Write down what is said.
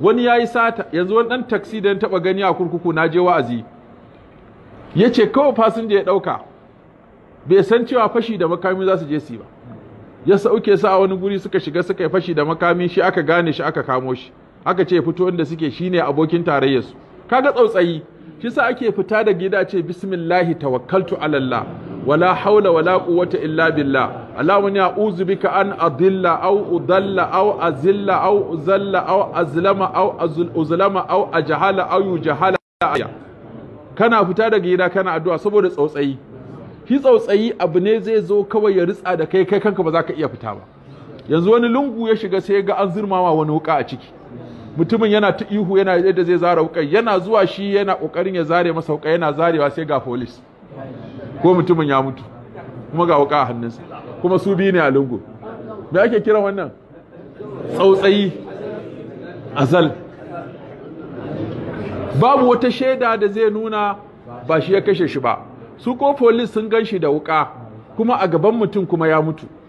wani ya yi sata yanzu wani ɗan taksi da taɓa gani a kurkuku na je wa'azi ya ce kawai fasinja ya ɗauka bai san cewa fashi da makami za su je su ba ya sauke sa a wani guri suka shiga suka yi fashi da makami shi aka gane shi aka kamo shi aka ce fito inda suke shine abokin tarayyarsu kaga tsautsayi shi sa ake fita da gida ce bismillahi tawakkaltu alallah wala haula wala quwwata illa billah alamani a uzu bika an adilla aw udalla aw azilla aw uzalla aw azlama aw uzlama aw ajhala aw yujhala kana fita daga gida kana addu'a saboda tsautsayi shi tsautsayi abu ne zai zo kawai ya ritsa da kai kai kanka ba za ka iya fita ba yanzu wani lungu ya shiga sai ga an zirmawa wani wuka a ciki mutumin yana ta ihu yana yadda zai zara wuka yana zuwa shi yana kokarin ya zare masa wuka yana zarewa sai ga police ko mutumin ya mutu kuma ga wuka a hannunsa kuma su biyu ne a lungu me ake kira wannan tsautsayi azal babu wata shaida da zai nuna ba shi ya kashe shi ba su ko polis sun gan shi da wuka kuma a gaban mutum kuma ya mutu